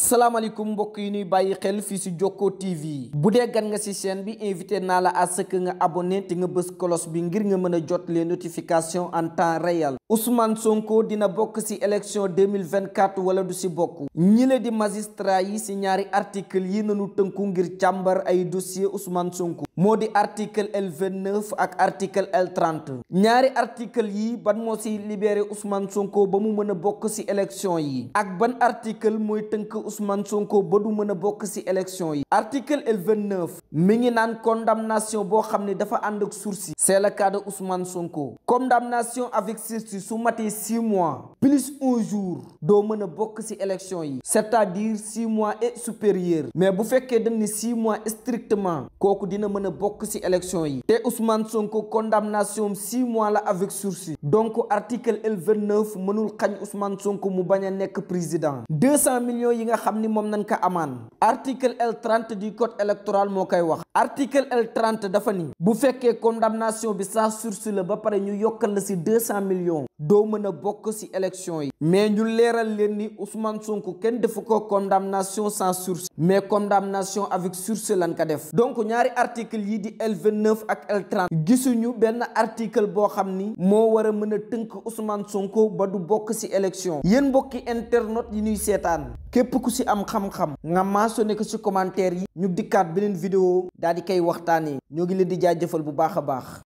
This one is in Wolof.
salaamaaleykum mbokk yi ñuy bàyyi xel fii si Jokko TV bu dee gan nga si chaîne bi invité naa la à ce que nga abonné te nga bës cloche bi ngir nga mën a jot les notification en temps réel Ousmane Sonko dina bokk si élection 2024 wala du si bokk ñile di magistrat yi si ñaari article yi nañu tënku ngir càmbar ay dossier Ousmane Sonko moo di article L29 ak article L30 ñaari article yi ban moo ci libéré Ousmane Sonko ba mu mën a bokk ci élection yi ak ban article mooy tënk Ousmane Sonko ba du mën a bokk ci élection yi article L29 mi ngi naan condamnation boo xam ne dafa ànd ak sursis c'est le cas de Ousmane Sonko condamnation avec sursis su matee 6 mois plus un jour doo mën a bokk ci élection yi c'est-à-dire 6 mois et supérieur mais bu fekkee dañ ni mois strictement kooku dina mën mën a bokk ci élection yi te Ousmane Sonko condamnation six mois la avec sursis donc article L29 mënul xañ Ousmane Sonko mu bañ a nekk président deux cent millions yi nga xam ni moom nañ ko amaan article L30 du code moo koy wax article L30 dafa ni bu fekkee condamnation bi sans sursis la ba pare ñu yokkal la ci deux cent millions doo mën a bokk ci élection yi mais ñu leeral leen ni Ousmane Sonko kenn defu ko condamnation sans sursis mais condamnation avec sursis lañ ko def article yi di L29 ak l gisuñu benn article boo xam ni moo war a mën a tënk Ousmane Sonko ba du bokk ci élection yéen mbokki internautes yi nuy seetaan képp ku ci am xam-xam nga mentionné ko ci commentaire yi ñu dikkaat beneen vidéo daal di koy waxtaanee ñoo ngi leen di jaajëfal bu baax a baax.